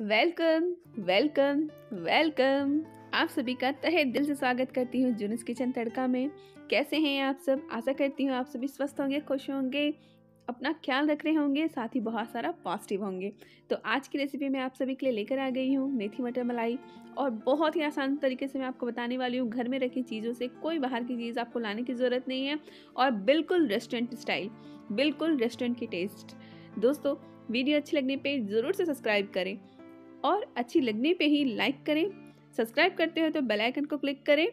welcome welcome welcome आप सभी का तहे दिल से स्वागत करती हूँ जूनस किचन तड़का में कैसे हैं आप सब आशा करती हूँ आप सभी स्वस्थ होंगे खुश होंगे अपना ख्याल रख रहे होंगे साथ ही बहुत सारा पॉजिटिव होंगे तो आज की रेसिपी मैं आप सभी के लिए लेकर आ गई हूँ मेथी मटर मलाई और बहुत ही आसान तरीके से मैं आपको बताने वाली हूँ घर में रखी चीज़ों से कोई बाहर की चीज़ आपको लाने की ज़रूरत नहीं है और बिल्कुल रेस्टोरेंट स्टाइल बिल्कुल रेस्टोरेंट की टेस्ट दोस्तों वीडियो अच्छी लगने पर ज़रूर से सब्सक्राइब करें और अच्छी लगने पे ही लाइक करें सब्सक्राइब करते हो तो बेल आइकन को क्लिक करें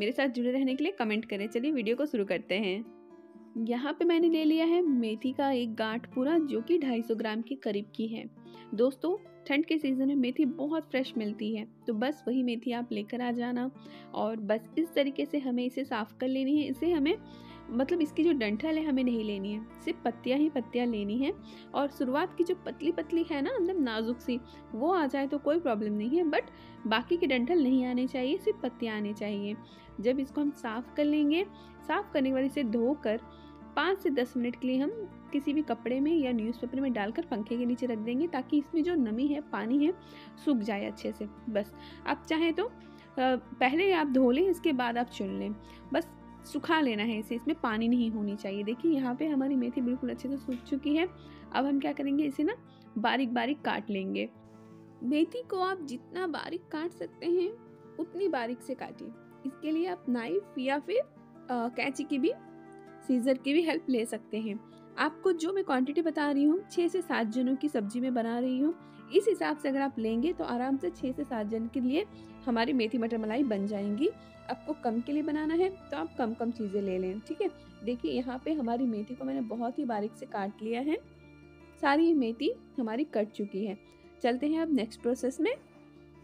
मेरे साथ जुड़े रहने के लिए कमेंट करें चलिए वीडियो को शुरू करते हैं यहाँ पे मैंने ले लिया है मेथी का एक गांठ पूरा जो कि 250 ग्राम के करीब की है दोस्तों ठंड के सीज़न में मेथी बहुत फ्रेश मिलती है तो बस वही मेथी आप लेकर आ जाना और बस इस तरीके से हमें इसे साफ़ कर लेनी है इसे हमें मतलब इसकी जो डंठल है हमें नहीं लेनी है सिर्फ पत्तियाँ ही पत्तियाँ लेनी है और शुरुआत की जो पतली पतली है ना मतलब नाजुक सी वो आ जाए तो कोई प्रॉब्लम नहीं है बट बाकी के डंठल नहीं आने चाहिए सिर्फ पत्तियाँ आने चाहिए जब इसको हम साफ़ कर लेंगे साफ़ करने के बाद इसे धोकर पाँच से दस मिनट के लिए हम किसी भी कपड़े में या न्यूज़पेपर में डालकर पंखे के नीचे रख देंगे ताकि इसमें जो नमी है पानी है सूख जाए अच्छे से बस आप चाहें तो पहले आप धो लें इसके बाद आप चुन लें बस सुखा लेना है इसे इसमें पानी नहीं होनी चाहिए देखिए यहाँ पे हमारी मेथी बिल्कुल अच्छे से सूख चुकी है अब हम क्या करेंगे इसे ना बारीक बारीक काट लेंगे मेथी को आप जितना बारीक काट सकते हैं उतनी बारीक से काटिए इसके लिए आप नाइफ या फिर आ, कैंची की भी सीजर की भी हेल्प ले सकते हैं आपको जो मैं क्वांटिटी बता रही हूँ छः से सात जनों की सब्जी में बना रही हूँ इस हिसाब से अगर आप लेंगे तो आराम से छः से सात जन के लिए हमारी मेथी मटर मलाई बन जाएंगी आपको कम के लिए बनाना है तो आप कम कम चीज़ें ले लें ठीक है देखिए यहाँ पे हमारी मेथी को मैंने बहुत ही बारीक से काट लिया है सारी मेथी हमारी कट चुकी है चलते हैं अब नेक्स्ट प्रोसेस में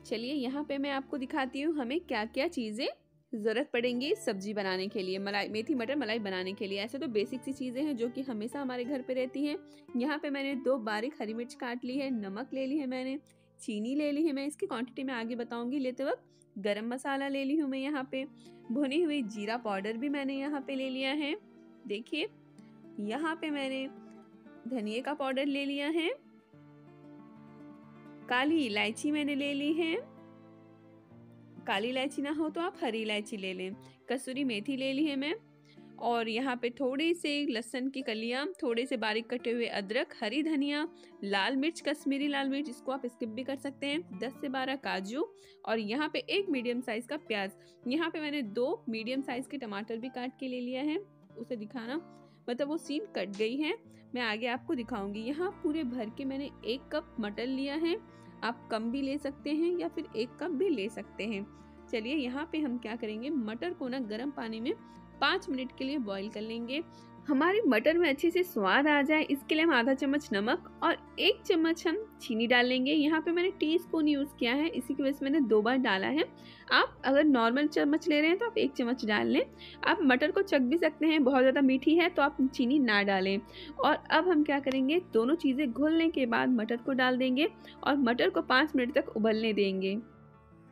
चलिए यहाँ पे मैं आपको दिखाती हूँ हमें क्या क्या चीज़ें ज़रूरत पड़ेंगी सब्जी बनाने के लिए मलाई मेथी मटर मलाई बनाने के लिए ऐसे तो बेसिक सी चीज़ें हैं जो कि हमेशा हमारे घर पे रहती हैं यहाँ पे मैंने दो बारीक हरी मिर्च काट ली है नमक ले ली है मैंने चीनी ले ली है मैं इसकी क्वांटिटी में आगे बताऊंगी लेते वक्त गरम मसाला ले ली हूँ मैं यहाँ पे भुनी हुई जीरा पाउडर भी मैंने यहाँ पे ले लिया है देखिए यहाँ पे मैंने धनिए का पाउडर ले लिया है काली इलायची मैंने ले ली है काली इलायची ना हो तो आप हरी इलायची ले लें कसूरी मेथी ले ली है मैं और यहाँ पे थोड़े से लहसन की कलियाँ थोड़े से बारीक कटे हुए अदरक हरी धनिया लाल मिर्च कश्मीरी लाल मिर्च इसको आप स्किप भी कर सकते हैं 10 से 12 काजू और यहाँ पे एक मीडियम साइज़ का प्याज यहाँ पे मैंने दो मीडियम साइज़ के टमाटर भी काट के ले लिया है उसे दिखाना मतलब वो सीन कट गई है मैं आगे आपको दिखाऊंगी यहाँ पूरे भर के मैंने एक कप मटन लिया है आप कम भी ले सकते हैं या फिर एक कप भी ले सकते हैं चलिए यहाँ पे हम क्या करेंगे मटर को ना गर्म पानी में पाँच मिनट के लिए बॉईल कर लेंगे हमारे मटर में अच्छे से स्वाद आ जाए इसके लिए हम आधा चम्मच नमक और एक चम्मच हम चीनी डाल लेंगे यहाँ पे मैंने टी स्पून यूज़ किया है इसी की वजह से मैंने दो बार डाला है आप अगर नॉर्मल चम्मच ले रहे हैं तो आप एक चम्मच डाल लें आप मटर को चख भी सकते हैं बहुत ज़्यादा मीठी है तो आप चीनी ना डालें और अब हम क्या करेंगे दोनों चीज़ें घुलने के बाद मटर को डाल देंगे और मटर को पाँच मिनट तक उबलने देंगे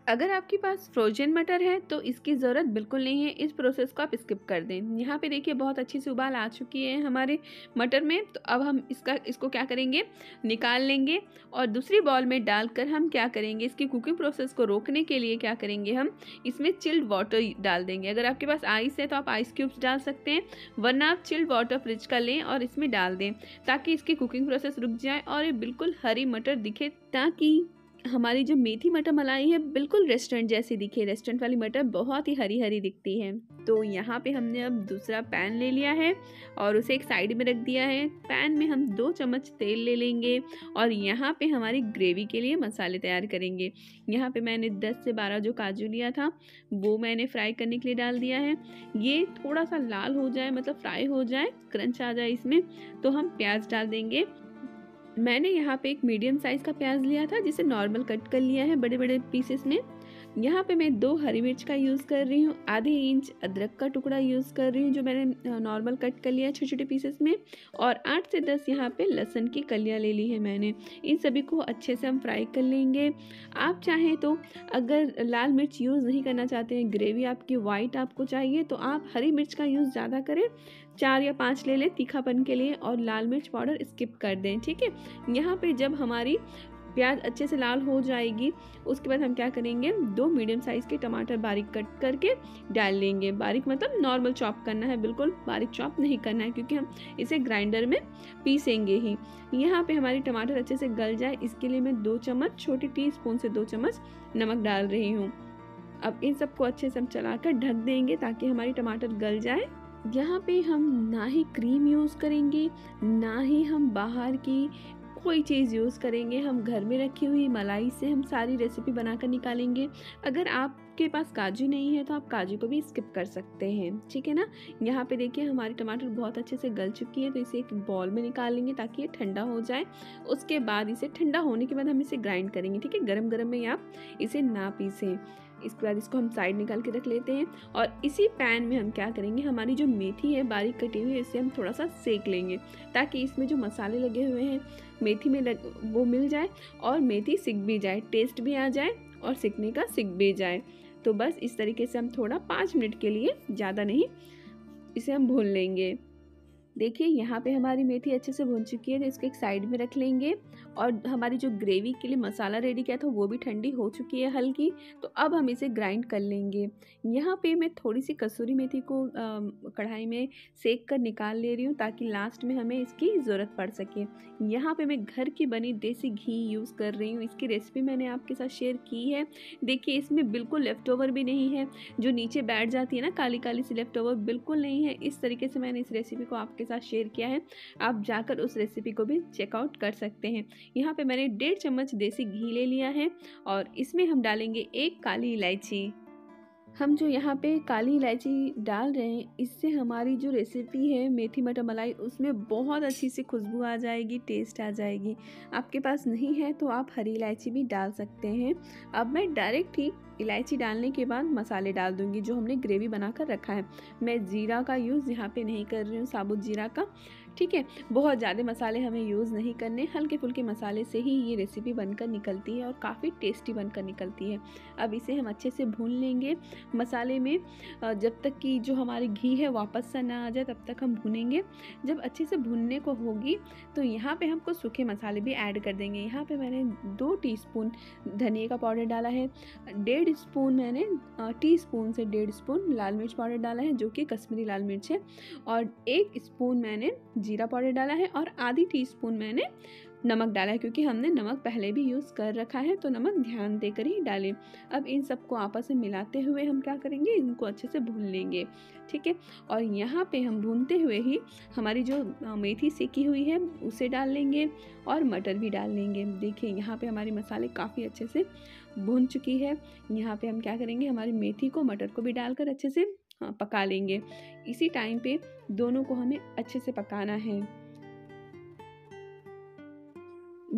अगर आपके पास फ्रोजन मटर है तो इसकी ज़रूरत बिल्कुल नहीं है इस प्रोसेस को आप स्किप कर दें यहाँ पे देखिए बहुत अच्छी सी उबाल आ चुकी है हमारे मटर में तो अब हम इसका इसको क्या करेंगे निकाल लेंगे और दूसरी बॉल में डालकर हम क्या करेंगे इसकी कुकिंग प्रोसेस को रोकने के लिए क्या करेंगे हम इसमें चिल्ड वाटर डाल देंगे अगर आपके पास आइस है तो आप आइस क्यूब्स डाल सकते हैं वरना आप चिल्ड वाटर फ्रिज का लें और इसमें डाल दें ताकि इसकी कुकिंग प्रोसेस रुक जाए और ये बिल्कुल हरी मटर दिखे ताकि हमारी जो मेथी मटर मलाई है बिल्कुल रेस्टोरेंट जैसी दिखे रेस्टोरेंट वाली मटर बहुत ही हरी हरी दिखती है तो यहाँ पे हमने अब दूसरा पैन ले लिया है और उसे एक साइड में रख दिया है पैन में हम दो चम्मच तेल ले लेंगे और यहाँ पे हमारी ग्रेवी के लिए मसाले तैयार करेंगे यहाँ पे मैंने 10 से 12 जो काजू लिया था वो मैंने फ्राई करने के लिए डाल दिया है ये थोड़ा सा लाल हो जाए मतलब फ्राई हो जाए क्रंच आ जाए इसमें तो हम प्याज डाल देंगे मैंने यहाँ पे एक मीडियम साइज़ का प्याज लिया था जिसे नॉर्मल कट कर लिया है बड़े बड़े पीसेस में यहाँ पे मैं दो हरी मिर्च का यूज़ कर रही हूँ आधे इंच अदरक का टुकड़ा यूज़ कर रही हूँ जो मैंने नॉर्मल कट कर लिया छोटे छोटे पीसेस में और आठ से दस यहाँ पे लहसन की कलियाँ ले ली है मैंने इन सभी को अच्छे से हम फ्राई कर लेंगे आप चाहें तो अगर लाल मिर्च यूज़ नहीं करना चाहते हैं ग्रेवी आपकी वाइट आपको चाहिए तो आप हरी मिर्च का यूज़ ज़्यादा करें चार या पाँच ले लें तीखापन के लिए और लाल मिर्च पाउडर स्किप कर दें ठीक है यहाँ पर जब हमारी प्याज अच्छे से लाल हो जाएगी उसके बाद हम क्या करेंगे दो मीडियम साइज़ के टमाटर बारीक कट करके डाल लेंगे बारीक मतलब नॉर्मल चॉप करना है बिल्कुल बारीक चॉप नहीं करना है क्योंकि हम इसे ग्राइंडर में पीसेंगे ही यहाँ पे हमारी टमाटर अच्छे से गल जाए इसके लिए मैं दो चम्मच छोटी टी स्पून से दो चम्मच नमक डाल रही हूँ अब इन सबको अच्छे से हम कर ढक देंगे ताकि हमारी टमाटर गल जाए यहाँ पे हम ना ही क्रीम यूज़ करेंगे ना ही हम बाहर की कोई चीज़ यूज़ करेंगे हम घर में रखी हुई मलाई से हम सारी रेसिपी बनाकर निकालेंगे अगर आप आपके पास काजू नहीं है तो आप काजू को भी स्किप कर सकते हैं ठीक है ना यहाँ पे देखिए हमारी टमाटर बहुत अच्छे से गल चुकी है तो इसे एक बॉल में निकाल लेंगे ताकि ये ठंडा हो जाए उसके बाद इसे ठंडा होने के बाद हम इसे ग्राइंड करेंगे ठीक है गर्म गर्म में आप इसे ना पीसें इसके बाद इसको हम साइड निकाल के रख लेते हैं और इसी पैन में हम क्या करेंगे हमारी जो मेथी है बारीक कटी हुई इसे हम थोड़ा सा सेक लेंगे ताकि इसमें जो मसाले लगे हुए हैं मेथी में लग, वो मिल जाए और मेथी सिक भी जाए टेस्ट भी आ जाए और सिकने का सिक भी जाए तो बस इस तरीके से हम थोड़ा पाँच मिनट के लिए ज़्यादा नहीं इसे हम भून लेंगे देखिए यहाँ पे हमारी मेथी अच्छे से भुन चुकी है तो इसको एक साइड में रख लेंगे और हमारी जो ग्रेवी के लिए मसाला रेडी किया था वो भी ठंडी हो चुकी है हल्की तो अब हम इसे ग्राइंड कर लेंगे यहाँ पे मैं थोड़ी सी कसूरी मेथी को कढ़ाई में सेक कर निकाल ले रही हूँ ताकि लास्ट में हमें इसकी ज़रूरत पड़ सके यहाँ पर मैं घर की बनी देसी घी यूज़ कर रही हूँ इसकी रेसिपी मैंने आपके साथ शेयर की है देखिए इसमें बिल्कुल लेफ़्ट ओवर भी नहीं है जो नीचे बैठ जाती है ना काली काली सी लेफ़्ट ओवर बिल्कुल नहीं है इस तरीके से मैंने इस रेसिपी को आपके आपके साथ शेयर किया है आप जाकर उस रेसिपी को भी चेकआउट कर सकते हैं यहाँ पे मैंने डेढ़ चम्मच देसी घी ले लिया है और इसमें हम डालेंगे एक काली इलायची हम जो यहाँ पे काली इलायची डाल रहे हैं इससे हमारी जो रेसिपी है मेथी मटर मलाई उसमें बहुत अच्छी सी खुशबू आ जाएगी टेस्ट आ जाएगी आपके पास नहीं है तो आप हरी इलायची भी डाल सकते हैं अब मैं डायरेक्ट ही इलायची डालने के बाद मसाले डाल दूँगी जो हमने ग्रेवी बना कर रखा है मैं जीरा का यूज़ यहाँ पर नहीं कर रही हूँ साबुत जीरा का ठीक है बहुत ज़्यादा मसाले हमें यूज़ नहीं करने हल्के फुल्के मसाले से ही ये रेसिपी बनकर निकलती है और काफ़ी टेस्टी बनकर निकलती है अब इसे हम अच्छे से भून लेंगे मसाले में जब तक कि जो हमारी घी है वापस सा ना आ जाए तब तक हम भूनेंगे जब अच्छे से भूनने को होगी तो यहाँ पे हम कुछ सूखे मसाले भी ऐड कर देंगे यहाँ पे मैंने दो टी धनिया का पाउडर डाला है डेढ़ स्पून मैंने टी स्पून से डेढ़ स्पून लाल मिर्च पाउडर डाला है जो कि कश्मीरी लाल मिर्च है और एक स्पून मैंने जीरा पाउडर डाला है और आधी स्पून मैंने नमक डाला है क्योंकि हमने नमक पहले भी यूज़ कर रखा है तो नमक ध्यान देकर ही डालें अब इन सबको आपस में मिलाते हुए हम क्या करेंगे इनको अच्छे से भून लेंगे ठीक है और यहाँ पे हम भूनते हुए ही हमारी जो मेथी सेकी हुई है उसे डाल लेंगे और मटर भी डाल लेंगे देखिए यहाँ पे हमारे मसाले काफ़ी अच्छे से भून चुकी है यहाँ पर हम क्या करेंगे हमारी मेथी को मटर को भी डालकर अच्छे से हाँ पका लेंगे इसी टाइम पे दोनों को हमें अच्छे से पकाना है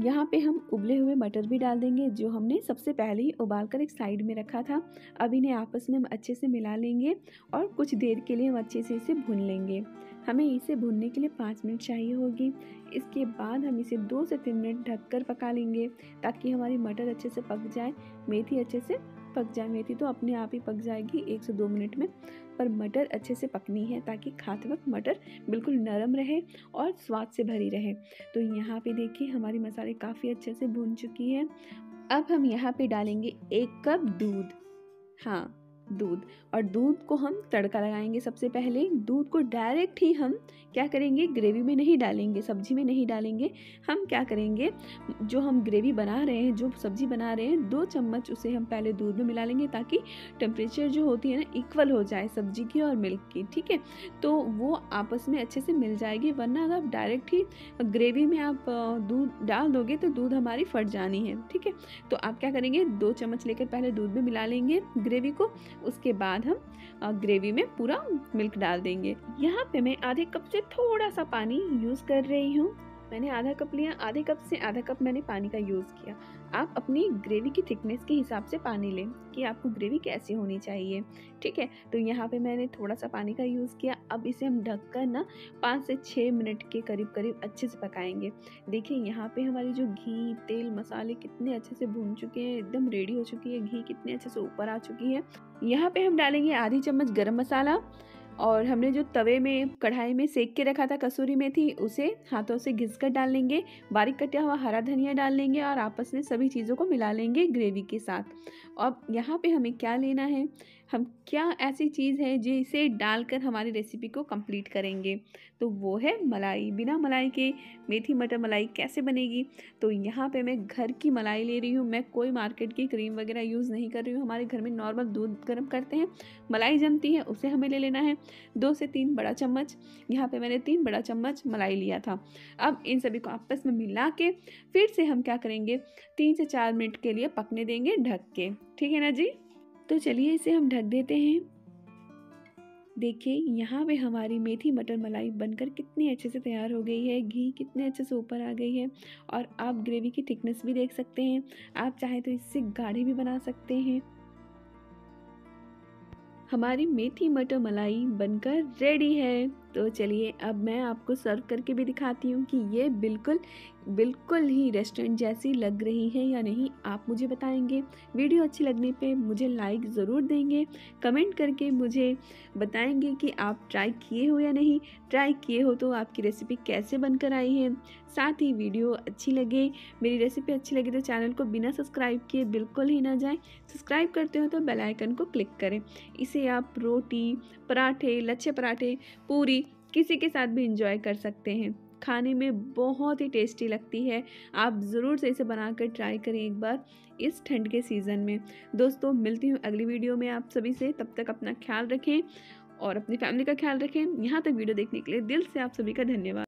यहाँ पे हम उबले हुए मटर भी डाल देंगे जो हमने सबसे पहले ही उबाल कर एक साइड में रखा था अब इन्हें आपस में हम अच्छे से मिला लेंगे और कुछ देर के लिए हम अच्छे से इसे भून लेंगे हमें इसे भूनने के लिए पाँच मिनट चाहिए होगी इसके बाद हम इसे दो से तीन मिनट ढककर पका लेंगे ताकि हमारी मटर अच्छे से पक जाए मेथी अच्छे से पक जाए मेथी तो अपने आप ही पक जाएगी एक से दो मिनट में पर मटर अच्छे से पकनी है ताकि खाते वक्त मटर बिल्कुल नरम रहे और स्वाद से भरी रहे तो यहाँ पे देखिए हमारी मसाले काफ़ी अच्छे से भून चुकी हैं अब हम यहाँ पे डालेंगे एक कप दूध हाँ दूध और दूध को हम तड़का लगाएंगे सबसे पहले दूध को डायरेक्ट ही हम क्या करेंगे ग्रेवी में नहीं डालेंगे सब्जी में नहीं डालेंगे हम क्या करेंगे जो हम ग्रेवी बना रहे हैं जो सब्जी बना रहे हैं दो चम्मच उसे हम पहले दूध में मिला लेंगे ताकि टेम्परेचर जो होती है ना इक्वल हो जाए सब्जी की और मिल्क की ठीक है तो वो आपस में अच्छे से मिल जाएगी वरना अगर आप डायरेक्ट ही ग्रेवी में आप दूध डाल दोगे तो दूध हमारी फट जानी है ठीक है तो आप क्या करेंगे दो चम्मच लेकर पहले दूध में मिला लेंगे ग्रेवी को उसके बाद हम ग्रेवी में पूरा मिल्क डाल देंगे यहाँ पे मैं आधे कप से थोड़ा सा पानी यूज़ कर रही हूँ मैंने आधा कप लिया आधे कप से आधा कप मैंने पानी का यूज़ किया आप अपनी ग्रेवी की थिकनेस के हिसाब से पानी लें कि आपको ग्रेवी कैसी होनी चाहिए ठीक है तो यहाँ पे मैंने थोड़ा सा पानी का यूज़ किया अब इसे हम ढक कर ना पाँच से छः मिनट के करीब करीब अच्छे से पकाएंगे देखिए यहाँ पे हमारी जो घी तेल मसाले कितने अच्छे से भून चुके हैं एकदम रेडी हो चुकी है घी कितने अच्छे से ऊपर आ चुकी है यहाँ पे हम डालेंगे आधी चम्मच गर्म मसाला और हमने जो तवे में कढ़ाई में सेक के रखा था कसूरी मेथी उसे हाथों से घिस कर डाल लेंगे बारीक कटा हुआ हरा धनिया डाल लेंगे और आपस में सभी चीज़ों को मिला लेंगे ग्रेवी के साथ अब यहाँ पे हमें क्या लेना है हम क्या ऐसी चीज़ है जिसे डालकर हमारी रेसिपी को कंप्लीट करेंगे तो वो है मलाई बिना मलाई के मेथी मटर मलाई कैसे बनेगी तो यहाँ पे मैं घर की मलाई ले रही हूँ मैं कोई मार्केट की क्रीम वगैरह यूज़ नहीं कर रही हूँ हमारे घर में नॉर्मल दूध गर्म करते हैं मलाई जमती है उसे हमें ले लेना है दो से तीन बड़ा चम्मच यहाँ पर मैंने तीन बड़ा चम्मच मलाई लिया था अब इन सभी को आपस में मिला के फिर से हम क्या करेंगे तीन से चार मिनट के लिए पकने देंगे ढक के ठीक है ना जी तो चलिए इसे हम ढक देते हैं देखिए यहाँ पे हमारी मेथी मटर मलाई बनकर कितनी अच्छे से तैयार हो गई है घी कितने अच्छे से ऊपर आ गई है और आप ग्रेवी की थिकनेस भी देख सकते हैं आप चाहे तो इससे गाढ़े भी बना सकते हैं हमारी मेथी मटर मलाई बनकर रेडी है तो चलिए अब मैं आपको सर्व करके भी दिखाती हूँ कि ये बिल्कुल बिल्कुल ही रेस्टोरेंट जैसी लग रही है या नहीं आप मुझे बताएंगे वीडियो अच्छी लगने पे मुझे लाइक ज़रूर देंगे कमेंट करके मुझे बताएंगे कि आप ट्राई किए हो या नहीं ट्राई किए हो तो आपकी रेसिपी कैसे बनकर आई है साथ ही वीडियो अच्छी लगे मेरी रेसिपी अच्छी लगी तो चैनल को बिना सब्सक्राइब किए बिल्कुल ही ना जाए सब्सक्राइब करते हो तो बेलाइकन को क्लिक करें इसे आप रोटी पराठे लच्छे पराठे पूरी किसी के साथ भी इंजॉय कर सकते हैं खाने में बहुत ही टेस्टी लगती है आप ज़रूर से इसे बनाकर ट्राई करें एक बार इस ठंड के सीज़न में दोस्तों मिलती हूँ अगली वीडियो में आप सभी से तब तक अपना ख्याल रखें और अपनी फैमिली का ख्याल रखें यहाँ तक वीडियो देखने के लिए दिल से आप सभी का धन्यवाद